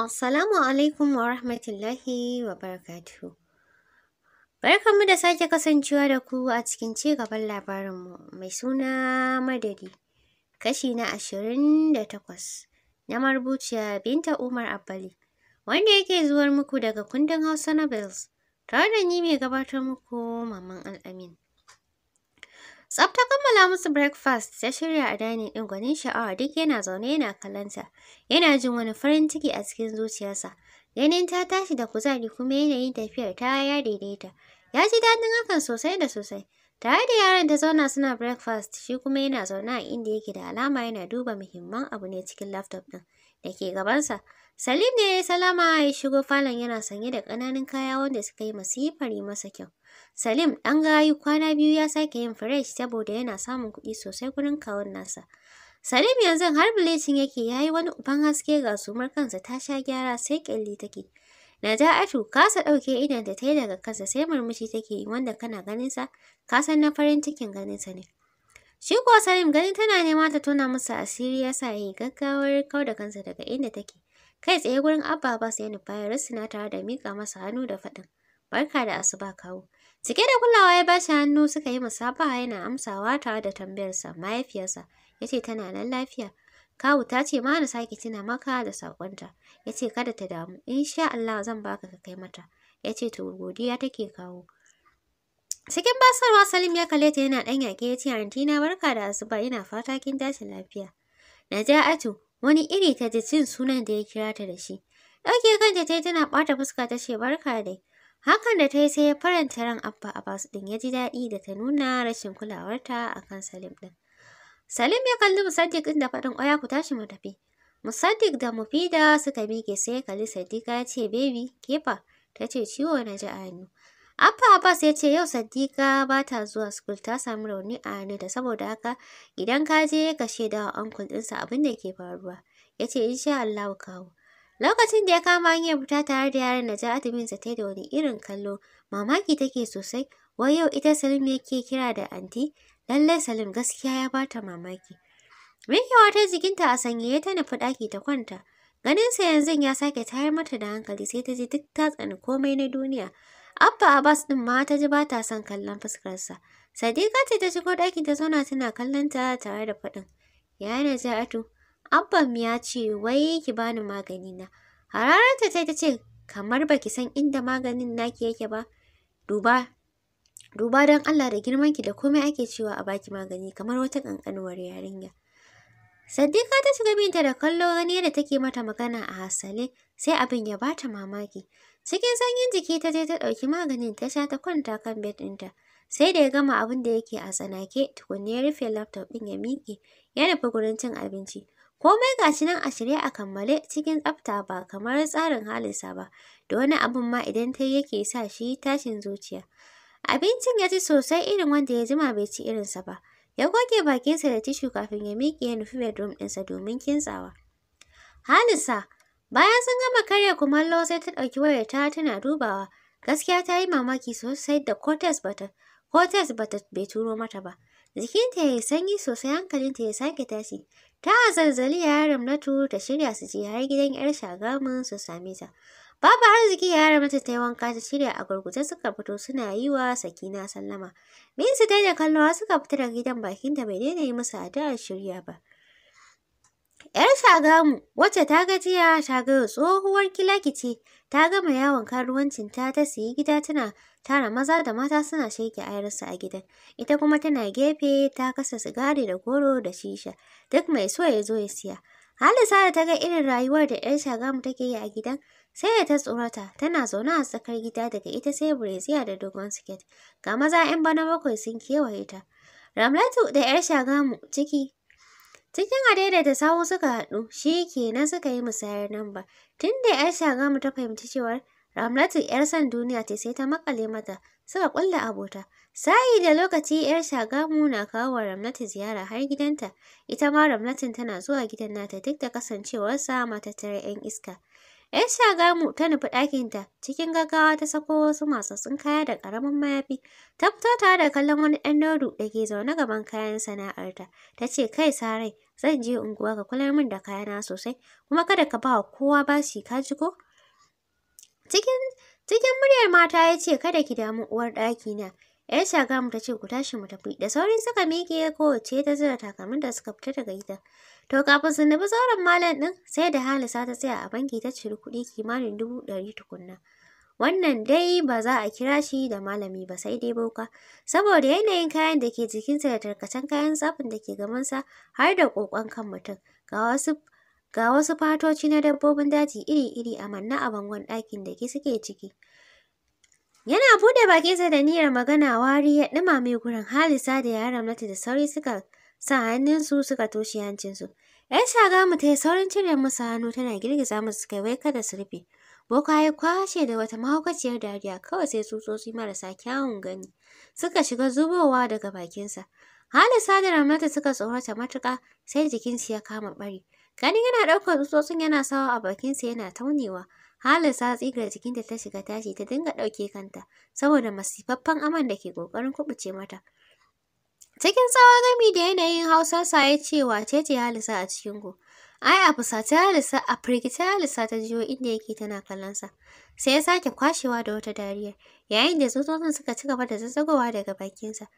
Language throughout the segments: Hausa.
Assalamu alaikum wa rahmatullahi wa barakatuhu. Barkanmu da sake kasancewa da ku a cikin ci gaban labarinmu mai suna madadi, kashi na ashirin takwas na marubuciya Binta Umar Abbali, wanda yake zuwar muku daga kundin Hausa Nobels, tare da ni mai gabatar muku Maman Al'amin. Tsaf kammala musu breakfast ta shirya a dining ɗin gwanin sha'awa duk yana zaune yana kalanta Yana jin wani farin ciki a cikin zuciyarsa. Ganin ta tashi da kuzari kuma yanayin tafiyar ta ya daidaita. Ya ji daɗin hakan sosai da sosai. Tare da yaran ta zauna suna breakfast shi kuma yana zaune a inda yake da alama yana duba muhimman abu ne cikin laptop ɗin da ke gabansa. Salim ne ya yi salama ya shigo falon yana sanye da ƙananan kaya wanda suka yi masifar masa kyau. Salim ɗan gayu kwana biyu ya sake yin fresh saboda yana samun kuɗi sosai gurin kawun nasa. Salim yanzu har bilecin yake ya yi wani uban haske ga sumar kansa ta sha gyara sai ƙyalli take. Naja'atu kasa ɗauke idan da ta yi daga kansa sai murmushi take yi wanda kana ganinsa ka san na farin cikin ganinsa ne. Shi kuwa Salim ganin tana nema ta tona masa asiri ya sa yi gaggawar kau da kansa daga inda take. Kai tsaye gurin Abba ba sai nufa ya na tare da miƙa masa hannu da faɗin. Barka da asuba kawo. Cike da kulawa ya bashi hannu suka yi musafaha yana amsawa tare da tambayarsa mahaifiyarsa ya ce tana nan lafiya. Kawu ta ce ma na sake tuna maka da saƙonta. Ya ce kada ta damu in sha Allah zan baka ka kai mata. Ya ce to godiya take kawo. Cikin basarwa Salim ya kalle ta yana ɗan yaƙe ya ce anti na barka da asuba yana fata kin tashi lafiya. Naja'atu wani iri ta ji cin sunan da ya kira ta da shi. Ɗauke kanta ta yi tana ɓata fuska ta ce barka dai. Hakan da ta yi sai ya faranta ran Abba Abbas ɗin ya ji daɗi da ta nuna rashin kulawarta a kan Salim ɗin. Salim ya kalli Musaddiq ɗin da faɗin ƙwaya ku tashi mu tafi. Musaddiq da Mufida suka miƙe sai ya kalli Sadiqa ya ce baby kefa ta ce ciwo na ji a hannu. Abba Abbas ya ce yau Sadiqa ba ta zuwa school ta samu rauni a da saboda haka idan ka je ka shaida wa uncle ɗinsa abin da ke faruwa. Ya ce insha Allah kawo. Lokacin da ya kama hanyar fita tare da yaran da Ja'atu sa ta da wani irin kallo, mamaki take sosai, wai yau ita Salim yake kira da anti, lallai Salim gaskiya ya bata mamaki. Mikewa wata jikinta a sanye ya ta nufi ɗaki ta kwanta. Ganinsa yanzu ya sake tayar mata da hankali sai ta ji duk ta tsani komai na duniya. Abba Abbas ɗin ma ta ji ba ta son kallon fuskarsa. Sadiqa ce ta shigo ɗakin ta zauna tana kallon ta tare da faɗin. Yaya na Ja'atu, Abban ya ce wai ki bani magani na. Hararanta ta ta ce kamar baki san inda maganin naki yake ba. Duba duba don Allah da girman ki da komai ake cewa a baki magani kamar wata kankanuwar yarinya. sadika ta shiga binta da kallo gani da take mata magana a hasale sai abin ya bata mamaki. Cikin sanyin jiki ta je ta ɗauki maganin ta sha ta kwanta kan bed ɗinta. Sai da ya gama abin da yake a tsanake tukunna ya rufe laptop ɗin ya miƙe ya nufi gurin cin abinci. Komai ga shi nan a shirye a kammale cikin tsafta ba kamar tsarin halinsa ba, da wani abun ma idan ta yake sa shi tashin zuciya. Abincin ya ci sosai irin wanda ya jima bai ci irinsa ba. Ya goge bakinsa da tishu kafin ya miƙe ya nufi bedroom ɗinsa domin kintsawa. Halisa, bayan sun gama karya kumallo sai ta ɗauki wayar ta tana dubawa. Gaskiya ta yi mamaki sosai da kotes bata bata bai turo mata ba. Jikinta ya yi sanyi sosai hankalinta ya sake tashi. Ta zalzali yaron Natu ta shirya su je har gidan 'yar shagamin su same ta. Babu arziki yaron mata ta yi wanka ta shirya a gurguje suka fito suna yi wa Sakina sallama. su dai da kallowa suka fita daga gidan bakin ta bai daina yi musu addu'ar shirya ba. ‘Yar Sagamu, wacce ta gajiya ta gaya tsohuwar kilakici ta gama yawon karuwancinta ta siyi gida tana tara maza da mata suna sheke ayarsu a gidan. Ita kuma tana gefe ta kasa sigari da goro da shisha, duk mai so ya zo ya siya. Halisa da ta ga irin rayuwar da ‘yar Shagamu take yi a gidan, sai da ta tsorata, tana zaune a tsakar gida daga ita sai bureziya da dogon siket. Ga maza ‘yan bana bakwai sun kewaye ta. Ramlatu da ‘yar Shagamu ciki Cikin adaidaita sawu suka haɗu, shi kenan suka yi musayar namba. Tun da ‘yar gamu ta fahimci cewar Ramlatu ‘yar san duniya ce sai ta maƙale mata, suka ƙulla abota. Sa'i da lokaci ‘yar shagamu na kawo wa Ramlatu ziyara har gidanta, ita ma Ramlatin tana zuwa gidan nata duk da kasancewarsa matattara ‘yan iska. Yar shagamu ta nufi ɗakinta cikin gaggawa ta sako wasu matsatsun kaya da ƙaramin mayafi. Ta fito tare da kallon wani ɗan daudu da ke zaune gaban kayan sana'arta. Ta ce kai sarai zan je unguwa ka kular min da kayana sosai kuma kada ka ba kowa bashi ka ji ko. Cikin cikin muryar mata ya ce kada ki damu uwar ɗaki Yar mu ta ce ku tashi mu tafi. Da saurin suka miƙe ce ta zira takalmin da suka fita daga gida To kafin su nufi sauran malam ɗin sai da Halisa ta tsaya a banki ta ciri kuɗi kimanin dubu ɗari tukunna. Wannan dai ba za a kira shi da malami ba sai dai boka, saboda yanayin kayan da ke jikinsa da tarkacen kayan tsafin da ke sa har da ƙoƙon kan mutum. Ga wasu ga wasu fatoci na dabbobin daji iri-iri a manna a bangon ɗakin da ke suke ciki. Yana buɗe bakinsa da niyyar magana wari ya ɗuma mai gurin halisa da yaran mata da sauri suka sa hannunsu suka toshe hancinsu. ‘Yan shaga mu ta yi saurin cire musu hannu tana girgiza musu kai wai kada su rufe. Boka ya kwashe da wata mahaukaciyar dariya kawai sai tsutsotsi marasa kyawun gani suka shiga zubowa daga bakinsa. Halisa da Ramlata suka tsorata matuƙa sai jikinsu ya kama ɓari. Ganin yana ɗaukar tsutsotsin yana sawa a bakinsa yana taunewa. Halisa, sa tsigar jikinta ta shiga tashi ta dinga ɗauke kanta saboda masifaffen aman da ke ƙoƙarin kubuce mata. Cikin tsawon gami da yanayin hausarsa ya ce wace ce Halisa a cikin ku. Ai a fusace Halisa a firgice Halisa ta jiyo inda yake tana kallonsa. Sai ya sake kwashewa da wata dariyar yayin da tsutsotsin suka ci gaba da zazzagowa daga bakinsa.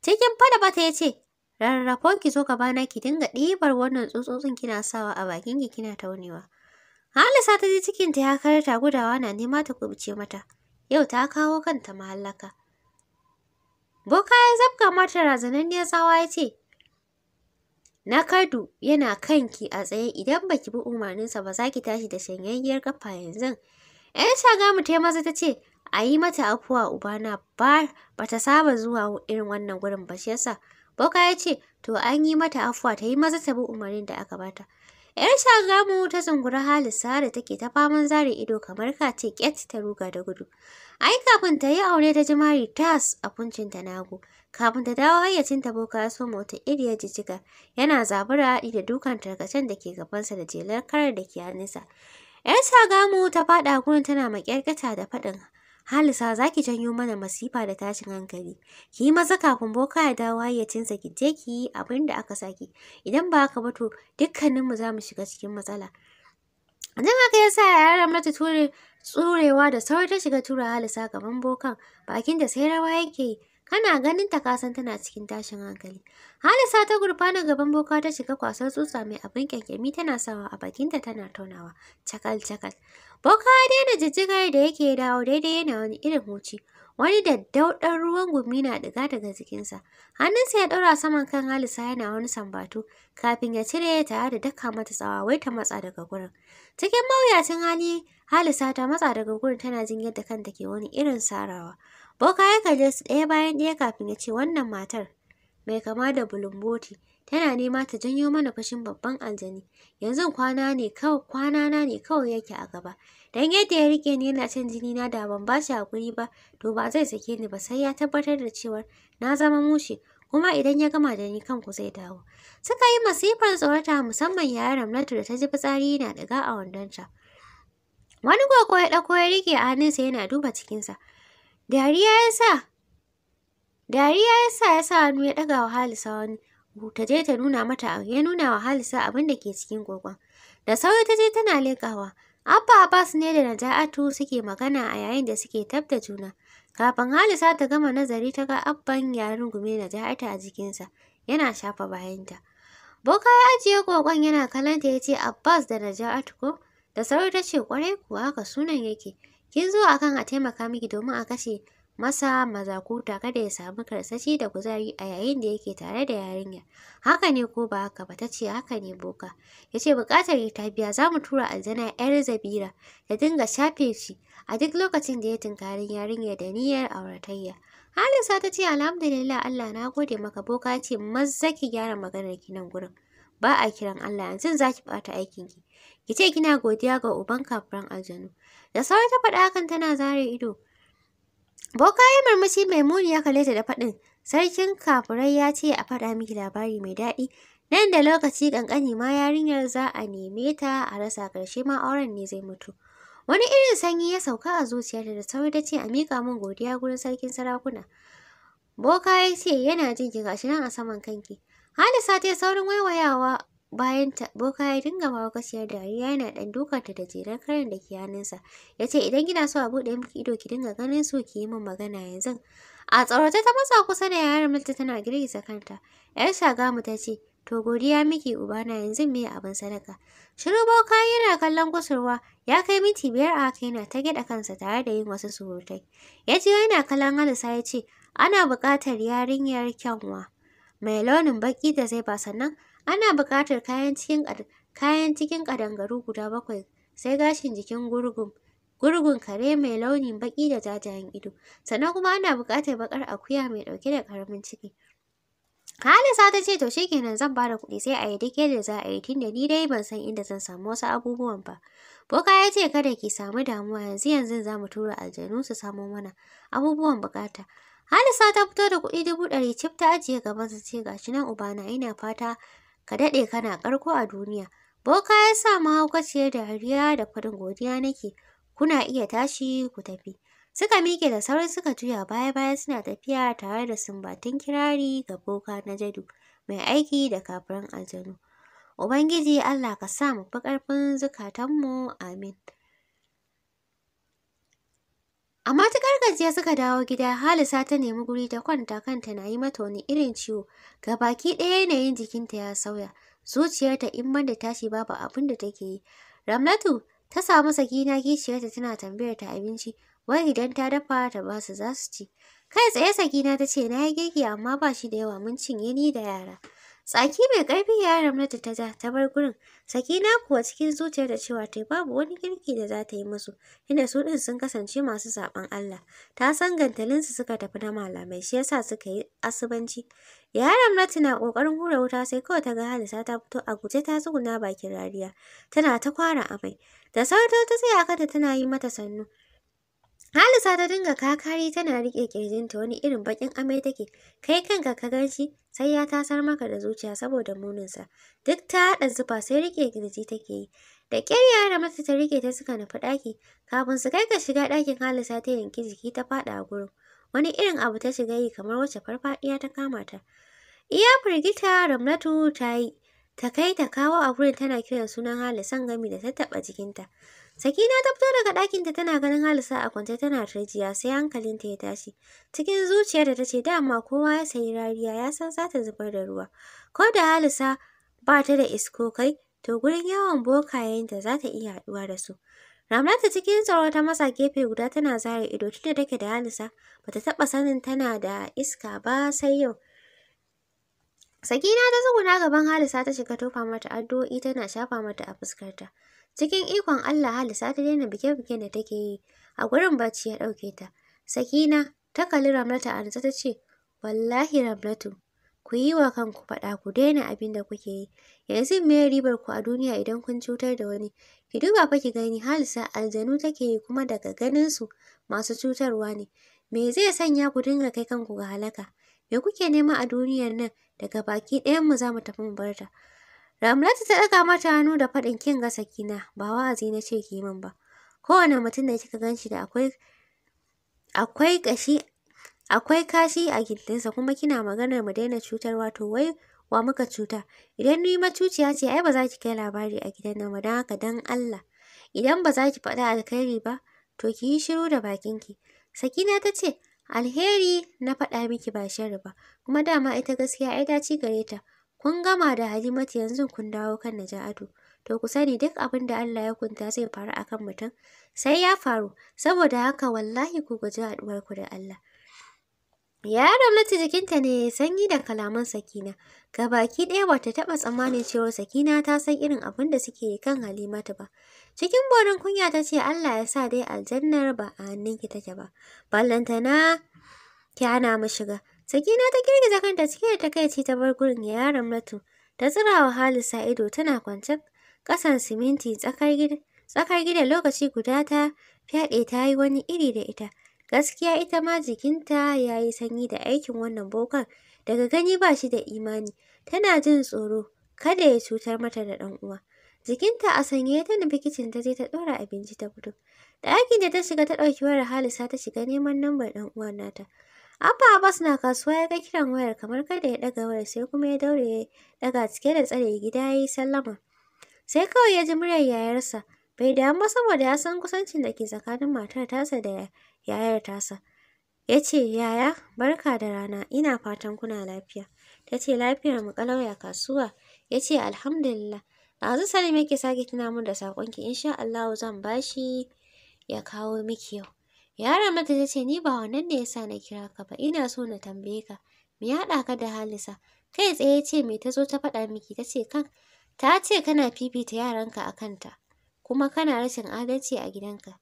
Cikin fada bata ya ce rarrafon ki zo gabana ki dinga ɗibar wannan tsutsotsin kina sawa a bakin ki kina taunewa. Halisa ta ji cikinta ya karata, gudawa na nema ta kubuce mata. Yau ta kawo kanta mahallaka. Boka ya zabga mata razananniyar tsawa ya ce, Na kadu yana kanki a tsaye idan baki bi umarninsa ba za ki tashi da shanyayyiyar kafa yanzu. ‘Yan mu ta maza ta ce, A yi mata afuwa ubana ba ta saba zuwa irin wannan gurin ba shi yasa. Boka ya ce, To an yi mata afuwa ta yi maza ta bi umarnin da aka bata. Yar gamu ta zungura Halisa da take ta faman zare ido kamar kace ƙyat ta ruga da gudu. Ai kafin ta yi aure ta jimari tas a ta nago. Kafin ta dawo hayyacin ta boka ya so mota ya jijjiga yana zabura haɗi da dukan tarkacen da ke gabansa da jelar karar da ke hannunsa. ‘Yar gamu ta faɗa gurin tana makyarkata da faɗin Halisa za ki janyo mana masifa da tashin hankali. Ki yi maza kafin boka ya dawo hayyacinsa ki je ki yi abin da aka saki. Idan ba haka ba to dukkaninmu za mu shiga cikin matsala. jan haka ya sa yaran mata ture tsurewa da sauri ta shiga tura Halisa gaban bokan bakin da sai rawa yake yi. Kana ganin ta kasan tana cikin tashin hankali. Halisa ta gurfana gaban boka ta shiga kwasar tsutsa mai abin kyankyami tana sawa a bakinta tana taunawa. Cakal cakal. Boka ya daina jijjigar da yake dawo daidai yana wani irin huci. Wani daddauɗar ruwan gumi na ɗiga daga jikinsa. Hannunsa ya ɗaura saman kan Halisa yana wani sambatu kafin ya cire tare da daka mata tsawa wai ta matsa daga gurin. Cikin mawuyacin hali Halisa ta matsa daga gurin tana jin yadda kanta ke wani irin sarawa. Boka ya kalle su ɗaya bayan ɗaya kafin ya ce wannan matar mai kama da bulumboti tana nema ta janyo mana fashin babban aljani yanzu kwana ne kawai kwana na ne kawai yake a gaba dan yadda ya rike ni yana cin jini na da ban bashi hakuri ba to ba zai sake ni ba sai ya tabbatar da cewa na zama mushe kuma idan ya gama da ni kanku zai dawo suka yi masifar tsorata musamman yayin Ramlatu da ta ji fitsari yana daga a wandonta wani gogo ya ɗauko ya rike a hannunsa yana duba cikinsa dariya ya sa dariya ya sa ya sa hannu ya ɗaga wa halisa wani ta je ta nuna mata a ya nuna wa Halisa abin da ke cikin gogon. Da sauri ta je tana leƙawa. Abba Abbas ne da Naja'atu suke magana a yayin da suke tabta juna. Kafin Halisa ta gama nazari ta ga Abban ya rungume Naja'atu a jikinsa, yana shafa bayanta. Boka ya ajiye gogon yana kalanta ya ce Abbas da Naja'atu ko? Da sauri ta ce kwarai kuwa haka sunan yake. Kin zo akan a taimaka miki domin a kashe masa mazakuta kada ya samu karsashi da kuzari a yayin da yake tare da yarinya. Haka ne ko ba haka ba ta ce haka ne boka. Ya ce buƙatar ta biya za mu tura aljana ‘yar zabira ta dinga shafe shi a duk lokacin da ya tunkari yarinya da niyyar auratayya. Halisa ta ce alhamdulillah Allah na gode maka boka ce maza ki gyara maganar ki nan gurin. Ba a kiran Allah yanzu za ki ɓata aikinki. Ki ce kina godiya ga uban kafiran aljanu. Da sauri ta faɗa hakan tana zare ido. Boka ya mai muni ya kalle ta da faɗin, Sarkin kafurai ya ce a faɗa miki labari mai daɗi, nan da lokaci ƙanƙani ma yarinyar za a neme ta a rasa ƙarshe ma auren ne zai mutu. Wani irin sanyi ya sauka a zuciyarta da sauri ta ce a miƙa min godiya gurin sarkin sarakuna. Boka ya ce yana jin ki gashi nan a saman kanki. Halisa ta saurin waiwayawa bayan ta boka ya dinga mahaukaciyar dariya yana dan dukanta da jerar karin da ke hannunsa ya ce idan gina so a buɗe miki ido ki dinga ganin su ki yi min magana yanzu a tsaurata ta matsa kusa da yaran milta tana girgiza kanta yar mu ta ce to godiya miki ubana yanzu me abin sadaka shiru boka yana kallon kusurwa ya kai minti biyar a haka yana ta gyaɗa kansa tare da yin wasu surutai ya ce yana kallon halisa ya ce ana buƙatar yarinyar kyanwa mai launin baƙi da zai ba sannan Ana buƙatar kayan cikin kayan cikin ƙadangaru guda bakwai sai gashin jikin gurgun gurgun kare mai launin baƙi da jajayen ido sannan kuma ana buƙatar baƙar akuya mai ɗauke da ƙaramin ciki. Halisa ta ce to kenan zan bada kuɗi sai a yi duk yadda za a yi da ni dai ban san inda zan samu wasu abubuwan ba. Boka ya ce kada ki samu damuwa yanzu yanzu za mu tura aljanu su samo mana abubuwan buƙata. Halisa ta fito da kuɗi dubu ɗari cif ta ajiye gaban su ce gashi nan ubana ina fata ka daɗe kana ƙarko a duniya. Boka ya sa mahaukaciyar dariya da faɗin godiya nake, kuna iya tashi ku tafi. Suka miƙe da sauri suka juya baya-baya suna tafiya tare da sumbatun kirari ga boka na jadu mai aiki da kafiran aljanu. Ubangiji Allah ka sa mu fi ƙarfin zukatanmu amin. A matuƙar gajiya suka dawo gida, Halisa ta nemi guri ta kwanta kanta na yi mata wani irin ciwo. Ga baki ɗaya yanayin jikinta ya sauya. Zuciyarta in ban da tashi babu abin da take yi. Ramlatu ta samu sakina kishiyarta tana tambayar ta abinci, wai idan ta dafa ta ba su za su ci. Kai tsaye sakina ta ce na yi girki amma ba shi da yawa mun cinye ni da yara. Tsaki mai ƙarfi ya ramlata ta ja ta bar gurin. saki na kuwa cikin zuciyar da cewa tai babu wani kirki da za ta yi musu, inda su ɗin sun kasance masu zaɓen Allah. Ta san gantalinsu suka tafi na malamai, shi yasa suka yi asibanci, Ya ramlata na ƙoƙarin hura wuta sai kawai ta ga Halisa ta fito a guje ta tsuguna bakin rariya. Tana ta kwara amai. Da sauran ta tsaya kada tana yi mata sannu. Halisa ta dinga kakari tana riƙe ƙirjinta wani irin baƙin amai take, kai kanka ka gan shi sai ya tasar maka da zuciya saboda muninsa. Duk ta haɗa zufa sai riƙe ƙirji take yi. Da ƙyar yara mata ta riƙe ta suka nufi ɗaki, kafin su kai ka shiga ɗakin Halisa ta yanki jiki ta faɗa a gurin. Wani irin abu ta shiga yi kamar wacce farfaɗiya ta kama ta. Iya firgita ramlatu ta yi, ta kai ta kawo a gurin tana kiran sunan Halisan gami da ta taɓa jikinta. Sakina ta fito daga ɗakinta tana ganin Halisa a kwance tana tarjiya sai hankalinta ya tashi. Cikin zuciyar da ta ce dama kowa ya sayi rariya ya san za ta zubar da ruwa. Ko da Halisa ba ta da isko kai, to gurin yawon bokayenta za ta iya haɗuwa da su. ta cikin tsoro ta masa gefe guda tana zare ido tunda take da Halisa bata taɓa sanin tana da iska ba sai yau. Sakina ta tsuguna gaban Halisa ta shiga tofa mata addu'o'i tana shafa mata a fuskarta. Cikin ikon Allah Halisa ta daina bike bike da take yi, a gurin bacci ya ɗauke ta. Sakina ta kalli Ramlatu a ta ce, Wallahi Ramlatu, ku yi wa kanku faɗa ku daina abin da kuke yi. Yanzu me ribar ku a duniya idan kun cutar da wani? Ki duba fa ki gani Halisa aljanu take yi kuma daga ganinsu masu cutarwa ne. Me zai sanya ku dinga kai kanku ga halaka? Me kuke nema a duniyar nan? Daga baki ɗayanmu za mu tafi mu bar ta. Ramlatu ta ɗaga mata hannu da faɗin kin ga sakina, ba wa'azi na ce ki min ba. Kowane mutum da kika ganshi da akwai akwai kashi akwai kashi a gindinsa kuma kina maganar mu daina cutarwa to wai wa muka cuta idan ni macuciya ce ai ba za ki kai labari a gidan nan ba don haka dan Allah idan ba za ki faɗa alkhairi ba to ki yi shiru da bakinki sakina ta ce Alheri na faɗa miki ba sharri ba, kuma dama ita gaskiya ai dace gare ta. Kun gama da Halimatu yanzu kun dawo kan Naja'atu. To ku sani duk abin da Allah ya kunta zai faru akan mutum, sai ya faru, saboda haka wallahi ku guji haɗuwarku da Allah. Ya ramlata jikinta ne sanyi da kalaman Sakina, ga baki ɗaya bata taɓa tsammanin cewa Sakina ta san irin abin da suke kan Halimatu ba. Cikin borin kunya ta ce Allah ya sa dai aljannar ba a hannunki take ba. Ballantana na hana mu shiga. Sakina ta girgiza kanta cike da takaici ta bar gurin ya Ramlatu. Ta tsira wa Halisa ido tana kwance kasan siminti tsakar gida Tsakar gida lokaci guda ta fyaɗe ta yi wani iri da ita. Gaskiya ita ma jikinta ya yi sanyi da aikin wannan bokan. Daga gani ba shi da imani. Tana jin tsoro kada ya cutar mata da ɗan uwa. Jikinta a sanye ta nufi kicin ta je ta ɗora abinci ta fito. Ɗakin da ta shiga ta ɗauki wayar Halisa ta shiga neman lambar ɗan uwan nata. Abba Abbas na kasuwa ya ga kiran wayar kamar kada ya ɗaga wayar sai kuma ya daure ya ɗaga cike da tsare gida ya yi sallama. Sai kawai ya ji muryar yayarsa. Bai damu ba saboda ya san kusancin da ke tsakanin matar tasa da yayar tasa. Ya ce, Yaya, barka da rana, ina fatan kuna lafiya. Ta ce, lafiyar mu kalau kasuwa. Ya ce, Alhamdulillah. Yanzu Salim yake sake tuna min da saƙonki insha Allahu zan bashi ya kawo miki yau. yaran mata ta ce ni ba wannan ne yasa na kira ka ba ina so na tambaye ka me ya haɗa ka da Halisa kai tsaye ce me ta zo ta faɗa miki ta ce kan ta ce kana fifita yaranka a kanta kuma kana rashin adalci a gidanka.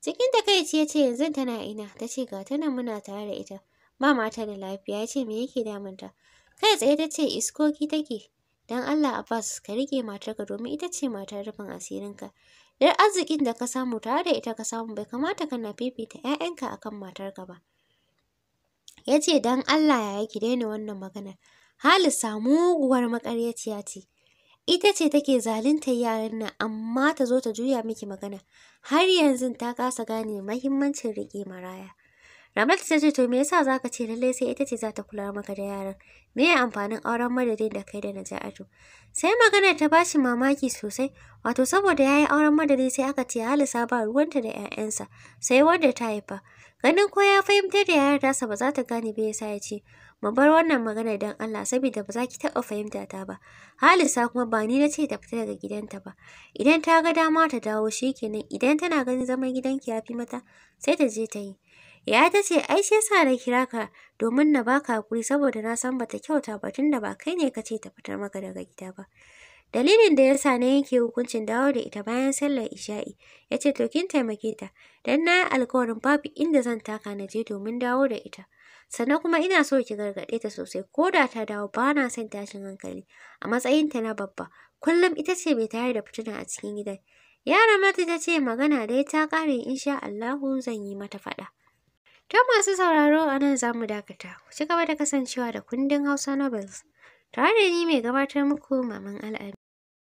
Cikin ta ya ce yanzu tana ina ta ce ga tana muna tare da ita ba mata da lafiya ya ce me yake damunta kai tsaye ta ce iskoki take Don Allah Abbas ka riƙe matarka domin ita ce matar rufin asirinka. dan arzikin da ka samu tare da ita ka samu bai kamata kana fifita 'ya'yanka akan matarka ba. Ya ce don Allah ya ki daina wannan maganar. Halisa muguwar maƙaryaciya ce. Ita ce take zaluntar yaran nan amma ta zo ta juya miki magana. Har yanzu ta kasa gane muhimmancin riƙe maraya. Ramat ta ce to me yasa zaka ce lallai sai ita ce za ta kula maka da yaran? Me ya amfanin auren madadin da kai da Naja'atu? Sai magana ta bashi mamaki sosai, wato saboda yayi auren madadi sai aka ce Halisa ba ruwanta da 'ya'yansa, sai wanda ta haifa. Ganin ko ya fahimtar da yaran tasa ba za ta gane ba yasa ya ce mu bar wannan magana don Allah saboda ba za ki taɓa fahimta ta ba. Halisa kuma ba ni na ce ta fita daga gidanta ba. Idan ta ga dama ta dawo shi kenan idan tana ganin zaman gidanki ya fi mata sai ta je ta yi. Ya ta ce, ai shi sa na kira ka domin na baka hakuri saboda na san bata kyauta ba da ba kai ne ce ta fitar maka daga gida ba. Dalilin da yasa na yanke hukuncin dawo da ita bayan sallar isha'i ya ce to kin taimake ta don na yi alkawarin babu inda zan taka na je domin dawo da ita. Sannan kuma ina so ki gargaɗe ta sosai ko da ta dawo ba na son tashin hankali a matsayin ta na babba kullum ita ce bai tayar da fitina a cikin gidan. Yaran mata ta ce magana dai ta ƙare sha Allahu zan yi mata faɗa. To masu sauraro a nan za mu dakata. Ku ci gaba da kasancewa da kundin Hausa Novels. Tare da ni mai gabatar muku Maman al'adu.